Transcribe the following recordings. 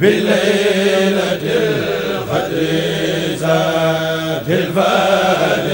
بليلة القدر زاد الفارق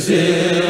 si